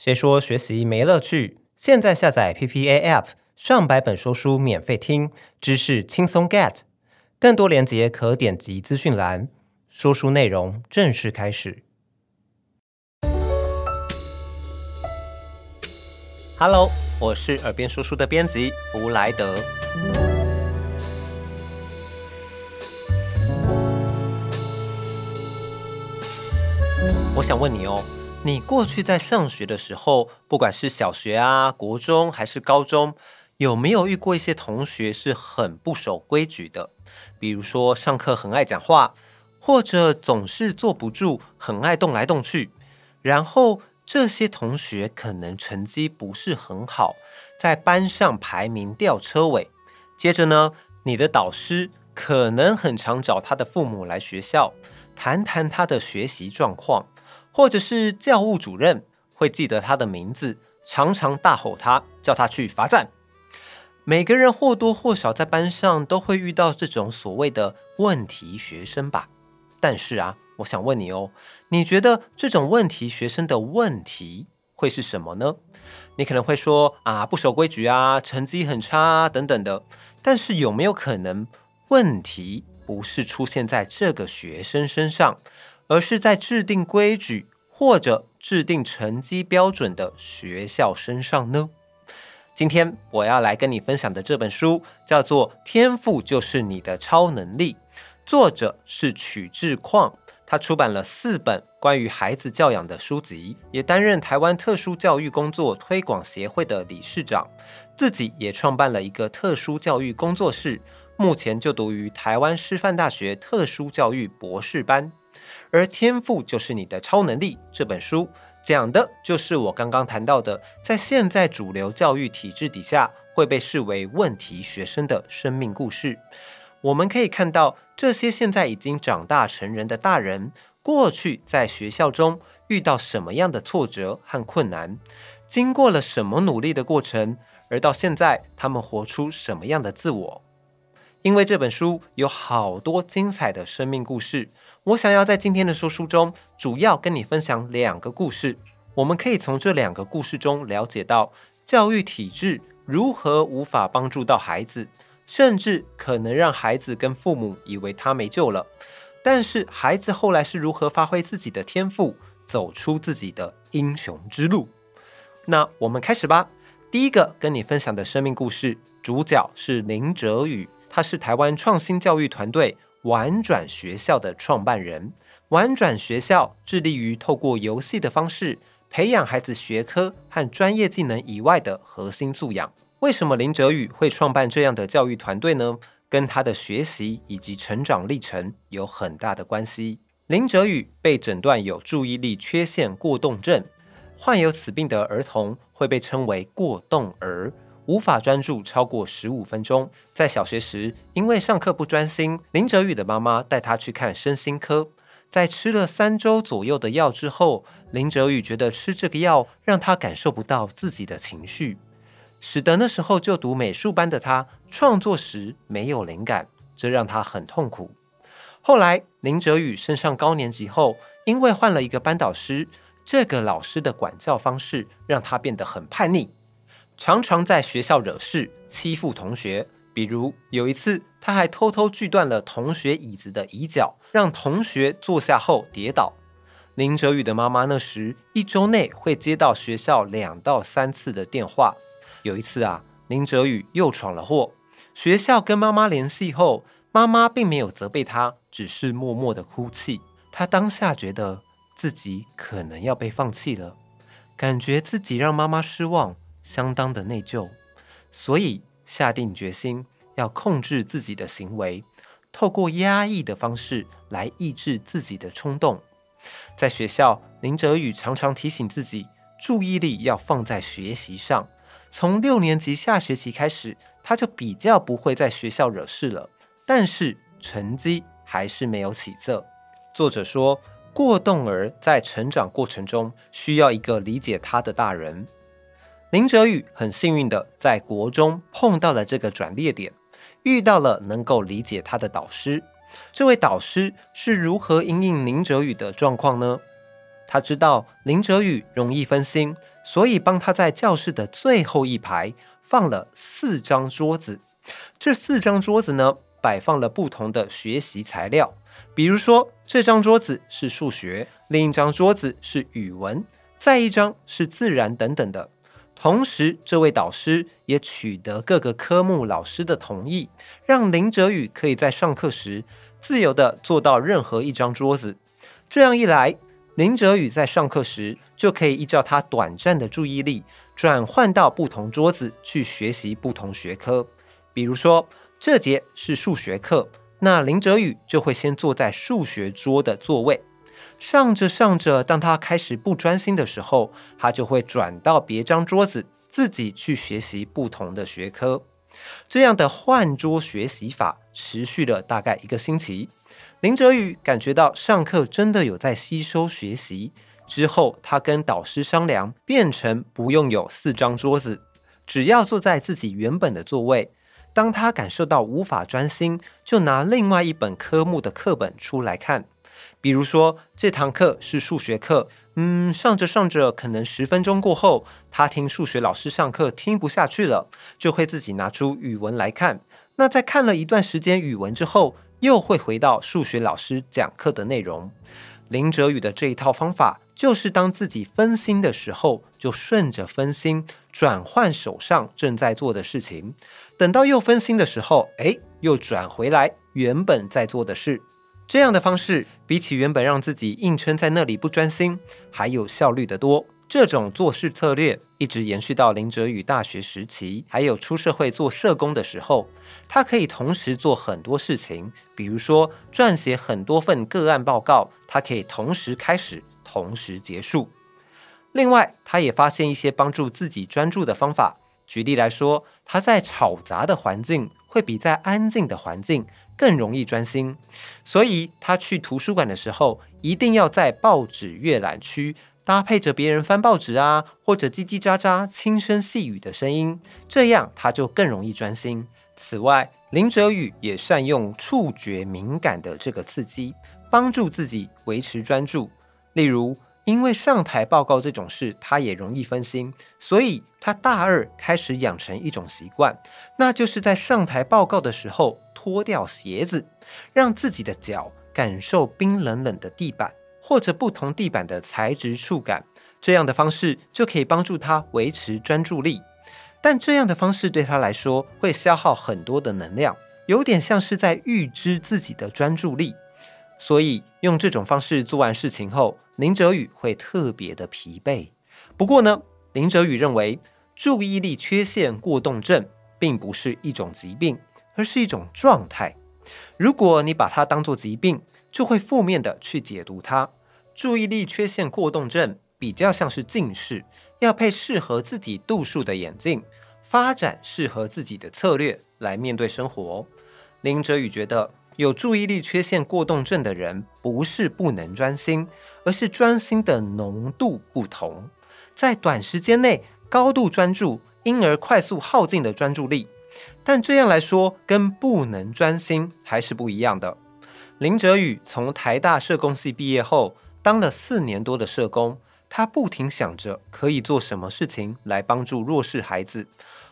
誰說學習沒樂趣？現在下載 PPA App，上百本說書免費聽，知識輕鬆 get。更多連接可點擊資訊欄。說書內容正式開始。Hello，我是耳邊說書的編輯弗萊德。我想問你哦。你過去在上學的時候，不管是小學啊、國中還是高中，有沒有遇過一些同學是很不守規矩的？比如說上課很愛講話，或者總是坐不住，很愛動來動去。然後這些同學可能成績不是很好，在班上排名吊車尾。接着呢，你的導師可能很常找他的父母來學校談談他的學習狀況。或者是教務主任會記得他的名字，常常大吼他，叫他去罰站。每個人或多或少在班上都會遇到這種所謂的問題學生吧？但是啊，我想問你哦，你覺得這種問題學生的問題會是什麼呢？你可能會說啊，不守規矩啊，成績很差啊，等等的。但是有沒有可能問題不是出現在這個學生身上？而是在制定規矩或者制定成績標準的學校身上呢？今天我要來跟你分享的這本書叫做《天賦就是你的超能力》，作者是曲智鑛。他出版了四本關於孩子教養的書籍，也擔任台灣特殊教育工作推廣協會的理事長，自己也創辦了一個特殊教育工作室，目前就讀於台灣師範大學特殊教育博士班。而天賦就是你的超能力。這本書講的就是我剛剛談到的，在現在主流教育體制底下會被視為問題學生的生命故事。我們可以看到這些現在已經長大成人的大人，過去在學校中遇到什麼樣的挫折和困難，經過了什麼努力的過程，而到現在他們活出什麼樣的自我。因為這本書有好多精彩的生命故事。我想要在今天的說書中，主要跟你分享兩個故事。我們可以從這兩個故事中了解到，教育體制如何無法幫助到孩子，甚至可能讓孩子跟父母以為他沒救了。但是孩子後來是如何發揮自己的天賦，走出自己的英雄之路？那我們開始吧。第一個跟你分享的生命故事，主角是林哲宇，他是台灣創新教育團隊。玩轉學校的創辦人，玩轉學校致力於透過遊戲的方式培養孩子學科和專業技能以外的核心素養。為什麼林哲宇會創辦這樣的教育團隊呢？跟他的學習以及成長歷程有很大的關係。林哲宇被診斷有注意力缺陷過動症，患有此病的兒童會被稱為過動兒。無法專注超過十五分鐘。在小學時，因為上課不專心，林哲宇的媽媽帶他去看身心科。在吃了三周左右的藥之後，林哲宇覺得吃這個藥讓他感受不到自己的情緒，使得那時候就讀美術班的他創作時沒有靈感，這讓他很痛苦。後來，林哲宇升上高年級後，因為換了一個班導師，這個老師的管教方式讓他變得很叛逆。常常在學校惹事，欺負同學。比如有一次，他還偷偷鋸斷了同學椅子的椅腳，讓同學坐下後跌倒。林哲宇的媽媽那時一周內會接到學校兩到三次的電話。有一次啊，林哲宇又闖了禍，學校跟媽媽聯繫後，媽媽並沒有責備他，只是默默地哭泣。他當下覺得自己可能要被放棄了，感覺自己讓媽媽失望。相當的內疚，所以下定決心要控制自己的行為，透過壓抑的方式來抑制自己的衝動。在學校，林哲宇常常提醒自己，注意力要放在學習上。從六年級下學期開始，他就比較不會在學校惹事了，但是成績還是沒有起色。作者說，過動兒在成長過程中需要一個理解他的大人。林哲宇很幸運的在國中碰到了這個轉捩點，遇到了能夠理解他的導師。這位導師是如何因應林哲宇的狀況呢？他知道林哲宇容易分心，所以幫他在教室的最後一排放了四張桌子。這四張桌子呢，擺放了不同的學習材料，比如說這張桌子是數學，另一張桌子是語文，再一張是自然等等的。同時，這位導師也取得各個科目老師的同意，讓林哲宇可以在上課時自由地坐到任何一張桌子。這樣一來，林哲宇在上課時就可以依照他短暫的注意力，轉換到不同桌子去學習不同學科。比如說，這節是數學課，那林哲宇就會先坐在數學桌的座位。上着上着，當他開始不專心的時候，他就會轉到別張桌子，自己去學習不同的學科。這樣的換桌學習法持續了大概一個星期。林哲宇感覺到上課真的有在吸收學習，之後他跟導師商量，變成不用有四張桌子，只要坐在自己原本的座位。當他感受到無法專心，就拿另外一本科目的課本出來看。比如說，這堂課是數學課，嗯，上着上着，可能十分鐘過後，他聽數學老師上課聽不下去了，就會自己拿出語文來看。那在看了一段時間語文之後，又會回到數學老師講課的內容。林哲宇的這一套方法，就是當自己分心的時候，就順着分心，轉換手上正在做的事情。等到又分心的時候，哎，又轉回來原本在做的事。這樣的方式，比起原本讓自己硬撐在那裡不專心，還有效率得多。這種做事策略一直延續到林哲宇大學時期，還有出社會做社工的時候，他可以同時做很多事情，比如說撰寫很多份個案報告，他可以同時開始，同時結束。另外，他也發現一些幫助自己專注的方法。舉例來說，他在吵雜的環境，會比在安靜的環境，更容易專心，所以他去圖書館的時候，一定要在報紙閱覽區搭配着別人翻報紙啊，或者嘰嘰喳喳輕聲細語的聲音，這樣他就更容易專心。此外，林哲宇也善用觸覺敏感的這個刺激，幫助自己維持專注。例如，因為上台報告這種事，他也容易分心，所以他大二開始養成一種習慣，那就是在上台報告的時候脫掉鞋子，讓自己的腳感受冰冷冷的地板或者不同地板的材質觸感，這樣的方式就可以幫助他維持專注力。但這樣的方式對他來說會消耗很多的能量，有點像是在預支自己的專注力。所以用這種方式做完事情後，林哲宇會特別的疲憊。不過呢，林哲宇認為，注意力缺陷過動症並不是一種疾病，而是一種狀態。如果你把它當作疾病，就會負面的去解讀它。注意力缺陷過動症比較像是近視，要配適合自己度數的眼鏡，發展適合自己的策略來面對生活。林哲宇覺得。有注意力缺陷過動症的人不是不能專心，而是專心的濃度不同，在短時間內高度專注，因而快速耗盡的專注力。但這樣來說，跟不能專心還是不一樣的。林哲宇從台大社工系畢業後，當了四年多的社工，他不停想着可以做什麼事情來幫助弱勢孩子。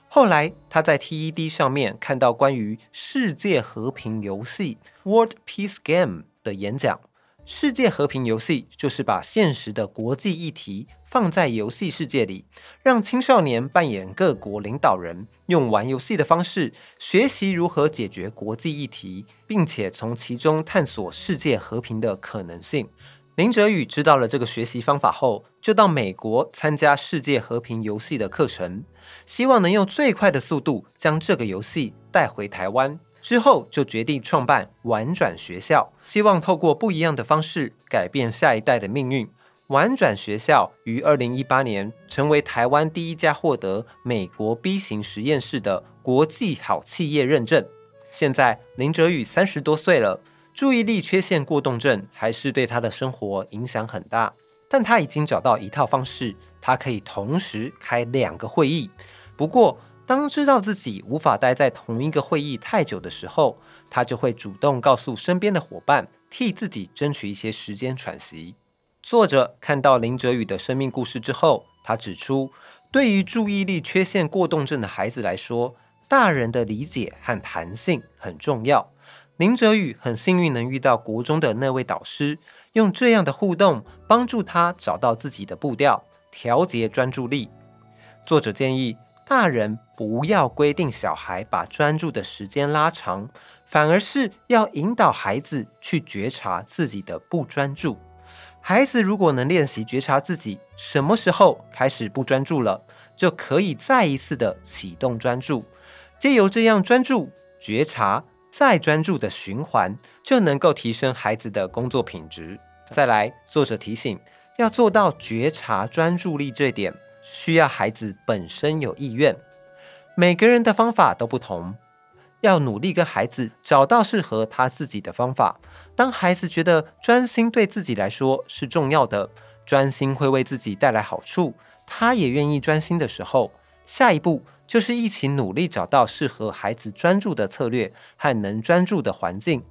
後來，他在 TED 上面看到關於世界和平遊戲 （World Peace Game） 的演講。世界和平遊戲就是把現實的國際議題放在遊戲世界裡，讓青少年扮演各國領導人，用玩遊戲的方式學習如何解決國際議題，並且從其中探索世界和平的可能性。林哲宇知道了這個學習方法後，就到美國參加世界和平遊戲的課程，希望能用最快的速度將這個遊戲帶回台灣。之後，就決定創辦玩轉學校，希望透過不一樣的方式改變下一代的命運。玩轉學校於二零一八年成為台灣第一家獲得美國 B 型實驗室的國際好企業認證。現在，林哲宇三十多歲了。注意力缺陷過動症還是對他的生活影響很大，但他已經找到一套方式，他可以同時開兩個會議。不過，當知道自己無法待在同一個會議太久的時候，他就會主動告訴身邊的夥伴，替自己爭取一些時間喘息。作者看到林哲宇的生命故事之後，他指出，對於注意力缺陷過動症的孩子來說，大人的理解和彈性很重要。林哲宇很幸運能遇到國中的那位導師，用這樣的互動幫助他找到自己的步調，調節專注力。作者建議大人不要規定小孩把專注的時間拉長，反而是要引導孩子去覺察自己的不專注。孩子如果能練習覺察自己什麼時候開始不專注了，就可以再一次的啟動專注，借由這樣專注覺察。再專注的循環，就能夠提升孩子的工作品質。再來，作者提醒，要做到覺察專注力這點，需要孩子本身有意願。每個人的方法都不同，要努力跟孩子找到適合他自己的方法。當孩子覺得專心對自己來說是重要的，專心會為自己帶來好處，他也願意專心的時候，下一步。就是一起努力找到適合孩子專注的策略和能專注的環境。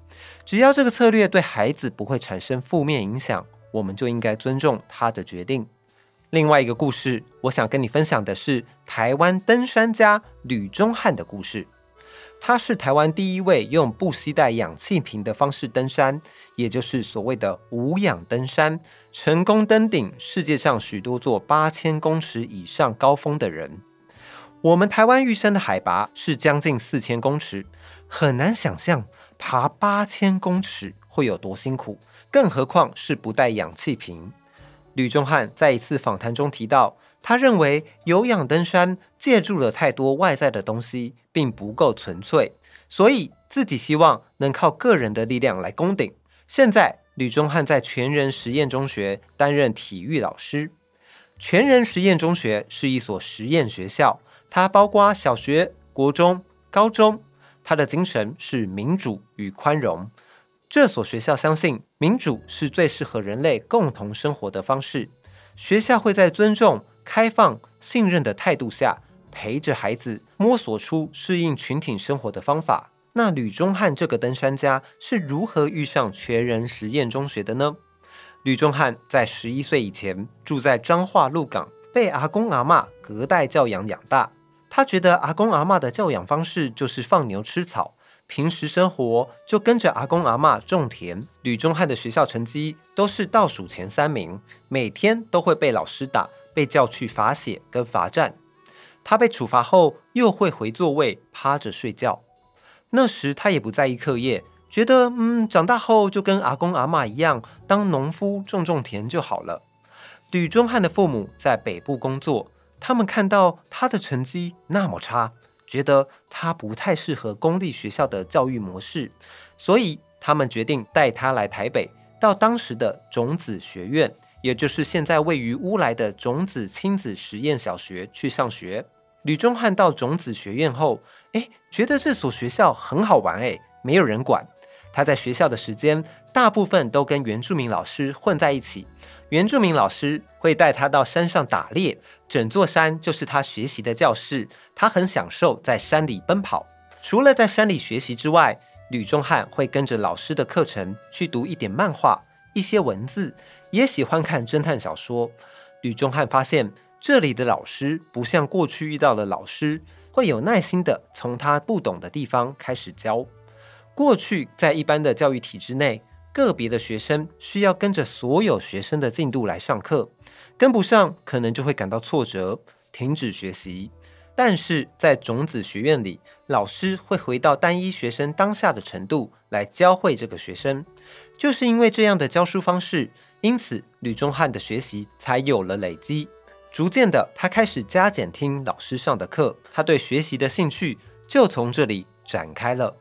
只要這個策略對孩子不會產生負面影響，我們就應該尊重他的決定。另外一個故事，我想跟你分享的是台灣登山家呂忠翰的故事。他是台灣第一位用不攜帶氧氣瓶的方式登山，也就是所謂的無氧登山，成功登頂世界上許多座八千公尺以上高峰的人。我們台灣玉山的海拔是將近四千公尺，很難想象爬八千公尺會有多辛苦，更何況是不帶氧氣瓶。呂中漢在一次訪談中提到，他認為有氧登山借助了太多外在的東西，並不夠純粹，所以自己希望能靠個人的力量來攻頂。現在，呂中漢在全人實驗中學擔任體育老師。全人實驗中學是一所實驗學校。它包括小學、國中、高中。它的精神是民主與寬容。這所學校相信民主是最適合人類共同生活的方式。學校會在尊重、開放、信任的態度下，陪着孩子摸索出適應群體生活的方法。那呂忠翰這個登山家是如何遇上全人實驗中學的呢？呂忠翰在十一歲以前住在彰化鹿港，被阿公阿嬤隔代教養養大。他覺得阿公阿嬤的教養方式就是放牛吃草，平時生活就跟着阿公阿嬤種田。呂忠漢的學校成績都是倒數前三名，每天都會被老師打，被叫去罰寫跟罰站。他被處罰後又會回座位趴着睡覺。那時他也不在意課業，覺得嗯，長大後就跟阿公阿嬤一樣，當農夫種種田就好了。呂忠漢的父母在北部工作。他們看到他的成績那麼差，覺得他不太適合公立學校的教育模式，所以他們決定帶他來台北，到當時的種子學院，也就是現在位於烏來的種子親子實驗小學去上學。呂中漢到種子學院後，哎，覺得這所學校很好玩，哎，沒有人管。他在學校的時間大部分都跟原住民老師混在一起。原住民老師會帶他到山上打獵，整座山就是他學習的教室。他很享受在山裡奔跑。除了在山裡學習之外，呂中漢會跟着老師的課程去讀一點漫畫、一些文字，也喜歡看偵探小說。呂中漢發現，這裡的老師不像過去遇到的老師，會有耐心地從他不懂的地方開始教。過去在一般的教育體制內。個別的學生需要跟着所有學生的進度來上課，跟不上可能就會感到挫折，停止學習。但是在種子學院裡，老師會回到單一學生當下的程度來教會這個學生。就是因為這樣的教書方式，因此呂中漢的學習才有了累積。逐漸的，他開始加減聽老師上的課，他對學習的興趣就從這裡展開了。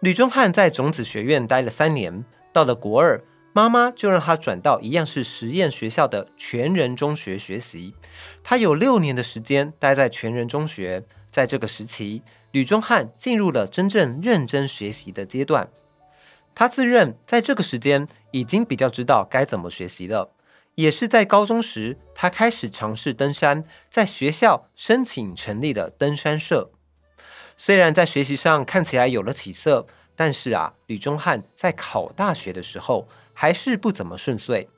呂中漢在種子學院待了三年。到了國二，媽媽就讓他轉到一樣是實驗學校的全人中學學習。他有六年的時間待在全人中學，在這個時期，呂忠翰進入了真正認真學習的階段。他自認在這個時間已經比較知道該怎麼學習了。也是在高中時，他開始嘗試登山，在學校申請成立的登山社。雖然在學習上看起來有了起色，但是啊，呂中漢在考大學的時候還是不怎麼順遂。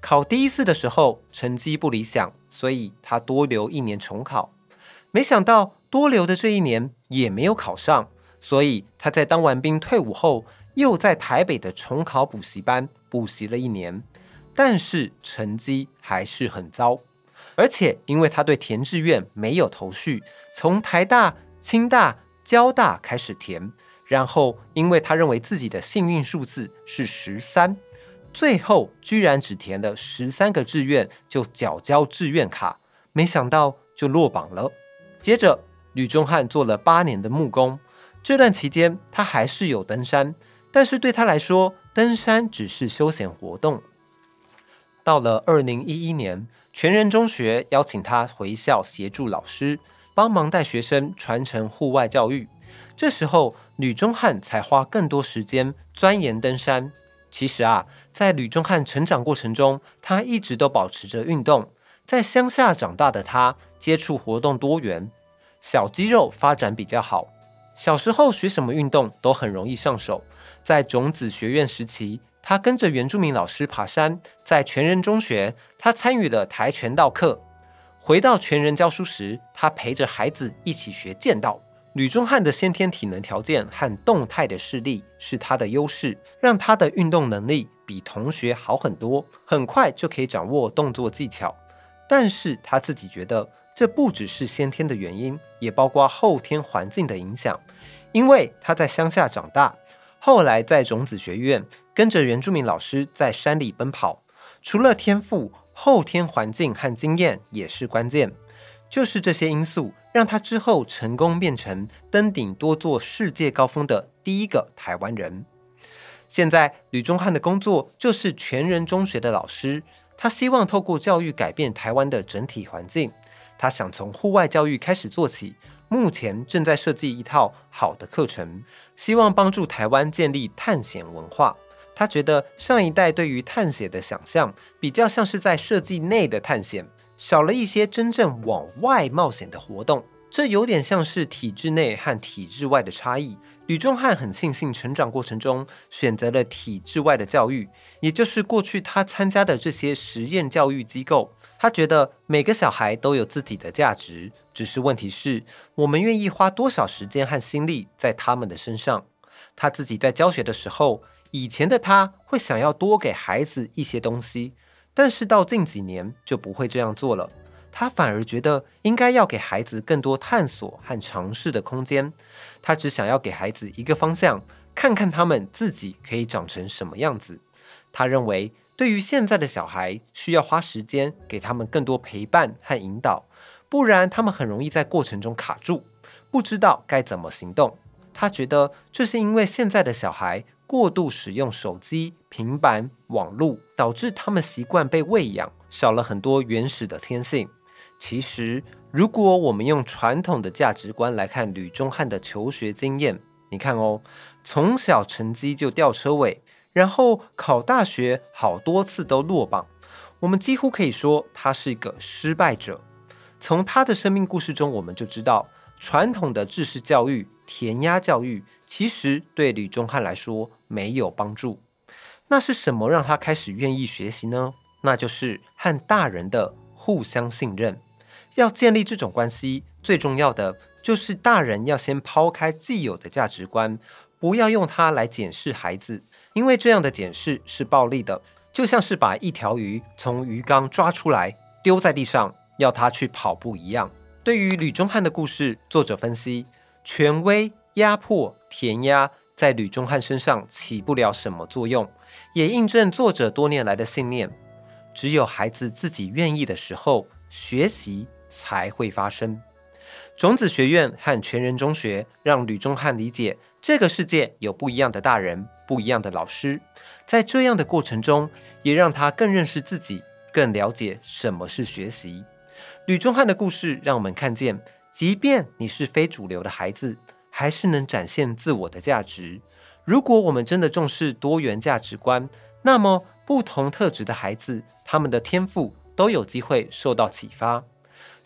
考第一次的時候成績不理想，所以他多留一年重考。沒想到多留的這一年也沒有考上，所以他在當完兵退伍後，又在台北的重考補習班補習了一年，但是成績還是很糟。而且因為他對填志願沒有頭緒，從台大、清大、交大開始填，然後因為他認為自己的幸運數字是十三，最後居然只填了十三個志願就繳交志願卡，沒想到就落榜了。接着呂中漢做了八年的木工，這段期間他還是有登山，但是對他來說登山只是休閒活動。到了二零一一年，全人中學邀請他回校協助老師。幫忙帶學生傳承戶外教育，這時候呂中漢才花更多時間鑽研登山。其實啊，在呂中漢成長過程中，他一直都保持着運動。在鄉下長大的他，接觸活動多元，小肌肉發展比較好。小時候學什麼運動都很容易上手。在種子學院時期，他跟着原住民老師爬山，在全人中學，他參與了跆拳道課。回到全人教書時，他陪着孩子一起學劍道。呂中漢的先天體能條件和動態的視力是他的優勢，讓他的運動能力比同學好很多，很快就可以掌握動作技巧。但是他自己覺得，這不只是先天的原因，也包括後天環境的影響，因為他在鄉下長大，後來在種子學院跟着原住民老師在山裡奔跑，除了天賦。後天環境和經驗也是關鍵，就是這些因素讓他之後成功變成登頂多座世界高峰的第一個台灣人。現在呂忠翰的工作就是全人中學的老師，他希望透過教育改變台灣的整體環境。他想從戶外教育開始做起，目前正在設計一套好的課程，希望幫助台灣建立探險文化。他覺得上一代對於探險的想象比較像是在設計內的探險，少了一些真正往外冒險的活動。這有點像是體制內和體制外的差異。呂仲漢很慶幸成長過程中選擇了體制外的教育，也就是過去他參加的這些實驗教育機構。他覺得每個小孩都有自己的價值，只是問題是，我們願意花多少時間和心力在他們的身上？他自己在教學的時候，以前的他會想要多給孩子一些東西，但是到近幾年就不會這樣做了。他反而覺得應該要給孩子更多探索和嘗試的空間。他只想要給孩子一個方向，看看他們自己可以長成什麼樣子。他認為，對於現在的小孩，需要花時間給他們更多陪伴和引導，不然他們很容易在過程中卡住，不知道該怎麼行動。他覺得這是因為現在的小孩。過度使用手機、平板、網絡，導致他們習慣被餵養，少了很多原始的天性。其實，如果我們用傳統的價值觀來看呂中漢的求學經驗，你看哦，從小成績就吊車尾，然後考大學好多次都落榜，我們幾乎可以說他是一個失敗者。從他的生命故事中，我們就知道傳統的知識教育。填鴨教育其實對呂中漢來說沒有幫助。那是什麼讓他開始願意學習呢？那就是和大人的互相信任。要建立這種關係，最重要的就是大人要先拋開既有的價值觀，不要用它來檢視孩子，因為這樣的檢視是暴力的，就像是把一條魚從魚缸抓出來丟在地上，要它去跑步一樣。對於呂中漢的故事，作者分析。權威壓迫填鴨在呂中漢身上起不了什麼作用，也印證作者多年來的信念：只有孩子自己願意的時候，學習才會發生。種子學院和全人中學讓呂中漢理解這個世界有不一樣的大人、不一樣的老師，在這樣的過程中，也讓他更認識自己，更了解什麼是學習。呂中漢的故事讓我們看見。即便你是非主流的孩子，還是能展現自我的價值。如果我們真的重視多元價值觀，那麼不同特質的孩子，他們的天賦都有機會受到啟發。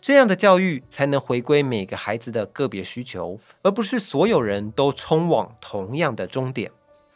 這樣的教育才能回歸每個孩子的個別需求，而不是所有人都衝往同樣的終點。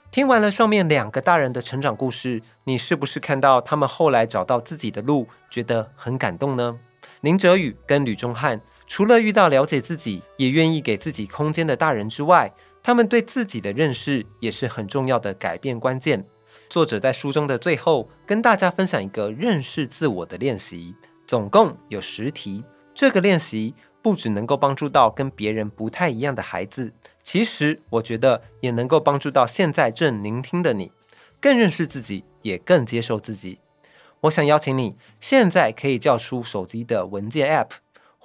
聽完了上面兩個大人的成長故事，你是不是看到他們後來找到自己的路，覺得很感動呢？林哲宇跟呂中漢。除了遇到了解自己也願意給自己空間的大人之外，他們對自己的認識也是很重要的改變關鍵。作者在書中的最後跟大家分享一個認識自我的練習，總共有十題。這個練習不只能夠幫助到跟別人不太一樣的孩子，其實我覺得也能夠幫助到現在正聆聽的你，更認識自己，也更接受自己。我想邀請你現在可以叫出手機的文件 App。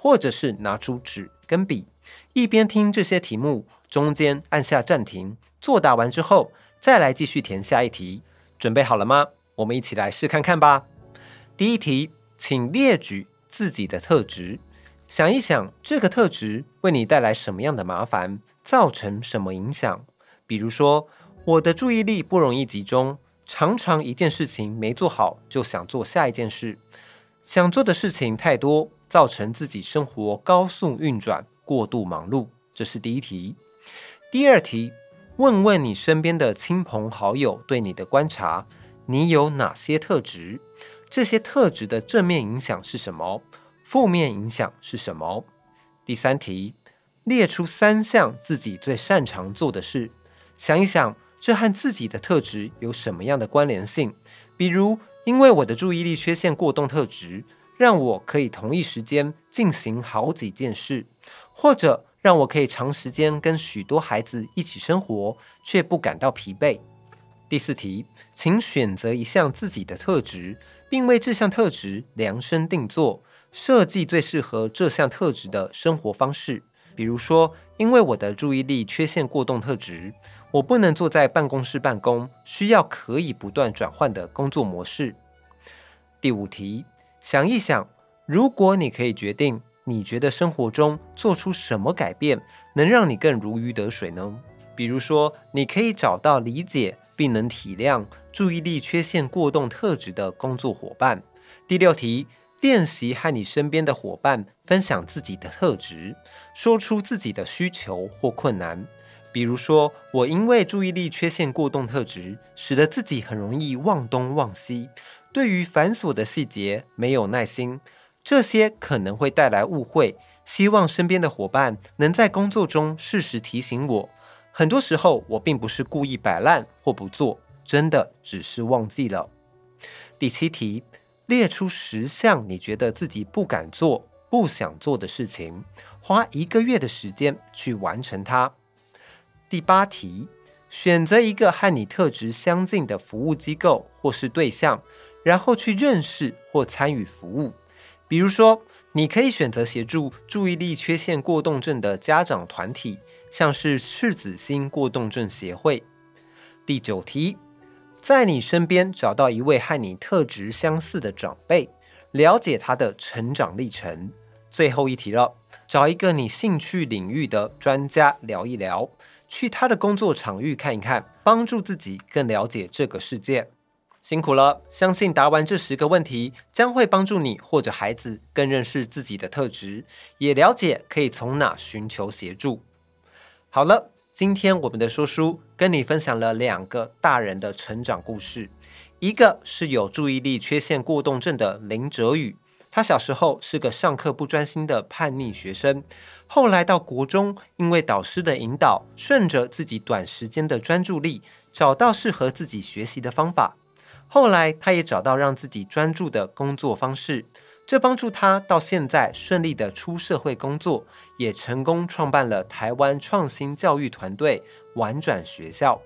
或者是拿出紙跟筆，一邊聽這些題目，中間按下暫停，作答完之後再來繼續填下一題。準備好了嗎？我們一起來試看看吧。第一題，請列舉自己的特質，想一想這個特質為你帶來什麼樣的麻煩，造成什麼影響。比如說，我的注意力不容易集中，常常一件事情沒做好就想做下一件事，想做的事情太多。造成自己生活高速運轉、過度忙碌，這是第一題。第二題，問問你身邊的親朋好友對你的觀察，你有哪些特質？這些特質的正面影響是什麼？負面影響是什麼？第三題，列出三項自己最擅長做的事，想一想這和自己的特質有什麼樣的關聯性？比如，因為我的注意力缺陷過動特質。讓我可以同一時間進行好幾件事，或者讓我可以長時間跟許多孩子一起生活，卻不感到疲憊。第四題，請選擇一項自己的特質，並為這項特質量身定做，設計最適合這項特質的生活方式。比如說，因為我的注意力缺陷過動特質，我不能坐在辦公室辦公，需要可以不斷轉換的工作模式。第五題。想一想，如果你可以決定，你覺得生活中做出什麼改變能讓你更如魚得水呢？比如說，你可以找到理解並能體諒注意力缺陷過動特質的工作夥伴。第六題，練習和你身邊的夥伴分享自己的特質，說出自己的需求或困難。比如說，我因為注意力缺陷過動特質，使得自己很容易忘東忘西。對於繁瑣的細節沒有耐心，這些可能會帶來誤會。希望身邊的夥伴能在工作中適時提醒我。很多時候，我並不是故意擺爛或不做，真的只是忘記了。第七題，列出十項你覺得自己不敢做、不想做的事情，花一個月的時間去完成它。第八題，選擇一個和你特質相近的服務機構或是對象。然後去認識或參與服務，比如說，你可以選擇協助注意力缺陷過動症的家長團體，像是赤子心過動症協會。第九題，在你身邊找到一位和你特質相似的長輩，了解他的成長歷程。最後一題了，找一個你興趣領域的專家聊一聊，去他的工作場域看一看，幫助自己更了解這個世界。辛苦了，相信答完這十個問題，將會幫助你或者孩子更認識自己的特質，也了解可以從哪尋求協助。好了，今天我們的說書跟你分享了兩個大人的成長故事，一個是有注意力缺陷過動症的林哲宇，他小時候是個上課不專心的叛逆學生，後來到國中，因為導師的引導，順着自己短時間的專注力，找到適合自己學習的方法。後來，他也找到讓自己專注的工作方式，這幫助他到現在順利地出社會工作，也成功創辦了台灣創新教育團隊玩轉學校。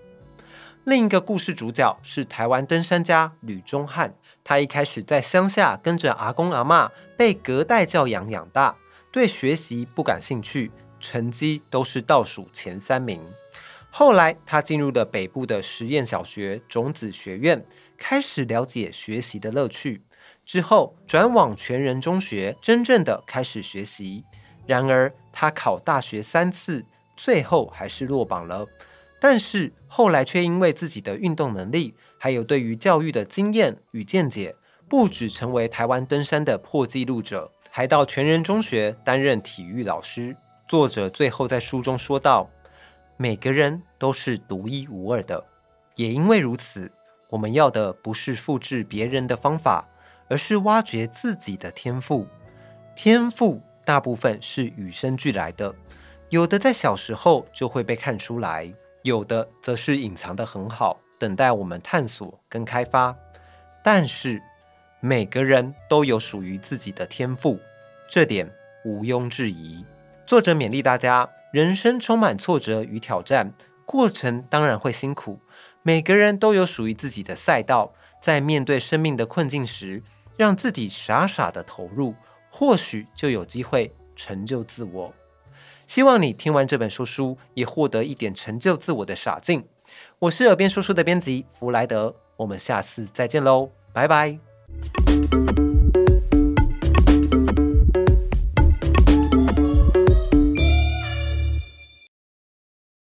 另一個故事主角是台灣登山家呂忠漢，他一開始在鄉下跟着阿公阿嬤被隔代教養養大，對學習不感興趣，成績都是倒數前三名。後來，他進入了北部的實驗小學種子學院。開始了解學習的樂趣，之後轉往全人中學，真正的開始學習。然而，他考大學三次，最後還是落榜了。但是後來卻因為自己的運動能力，還有對於教育的經驗與見解，不只成為台灣登山的破紀錄者，還到全人中學擔任體育老師。作者最後在書中說道：“每個人都是獨一無二的，也因為如此。”我們要的不是複製別人的方法，而是挖掘自己的天賦。天賦大部分是與生俱來的，有的在小時候就會被看出來，有的則是隱藏得很好，等待我們探索跟開發。但是每個人都有屬於自己的天賦，這點毋庸置疑。作者勉勵大家：人生充滿挫折與挑戰，過程當然會辛苦。每個人都有屬於自己的賽道，在面對生命的困境時，讓自己傻傻的投入，或許就有機會成就自我。希望你聽完這本書書，也獲得一點成就自我的傻勁。我是耳邊說書的編輯弗萊德，我們下次再見嘍，拜拜。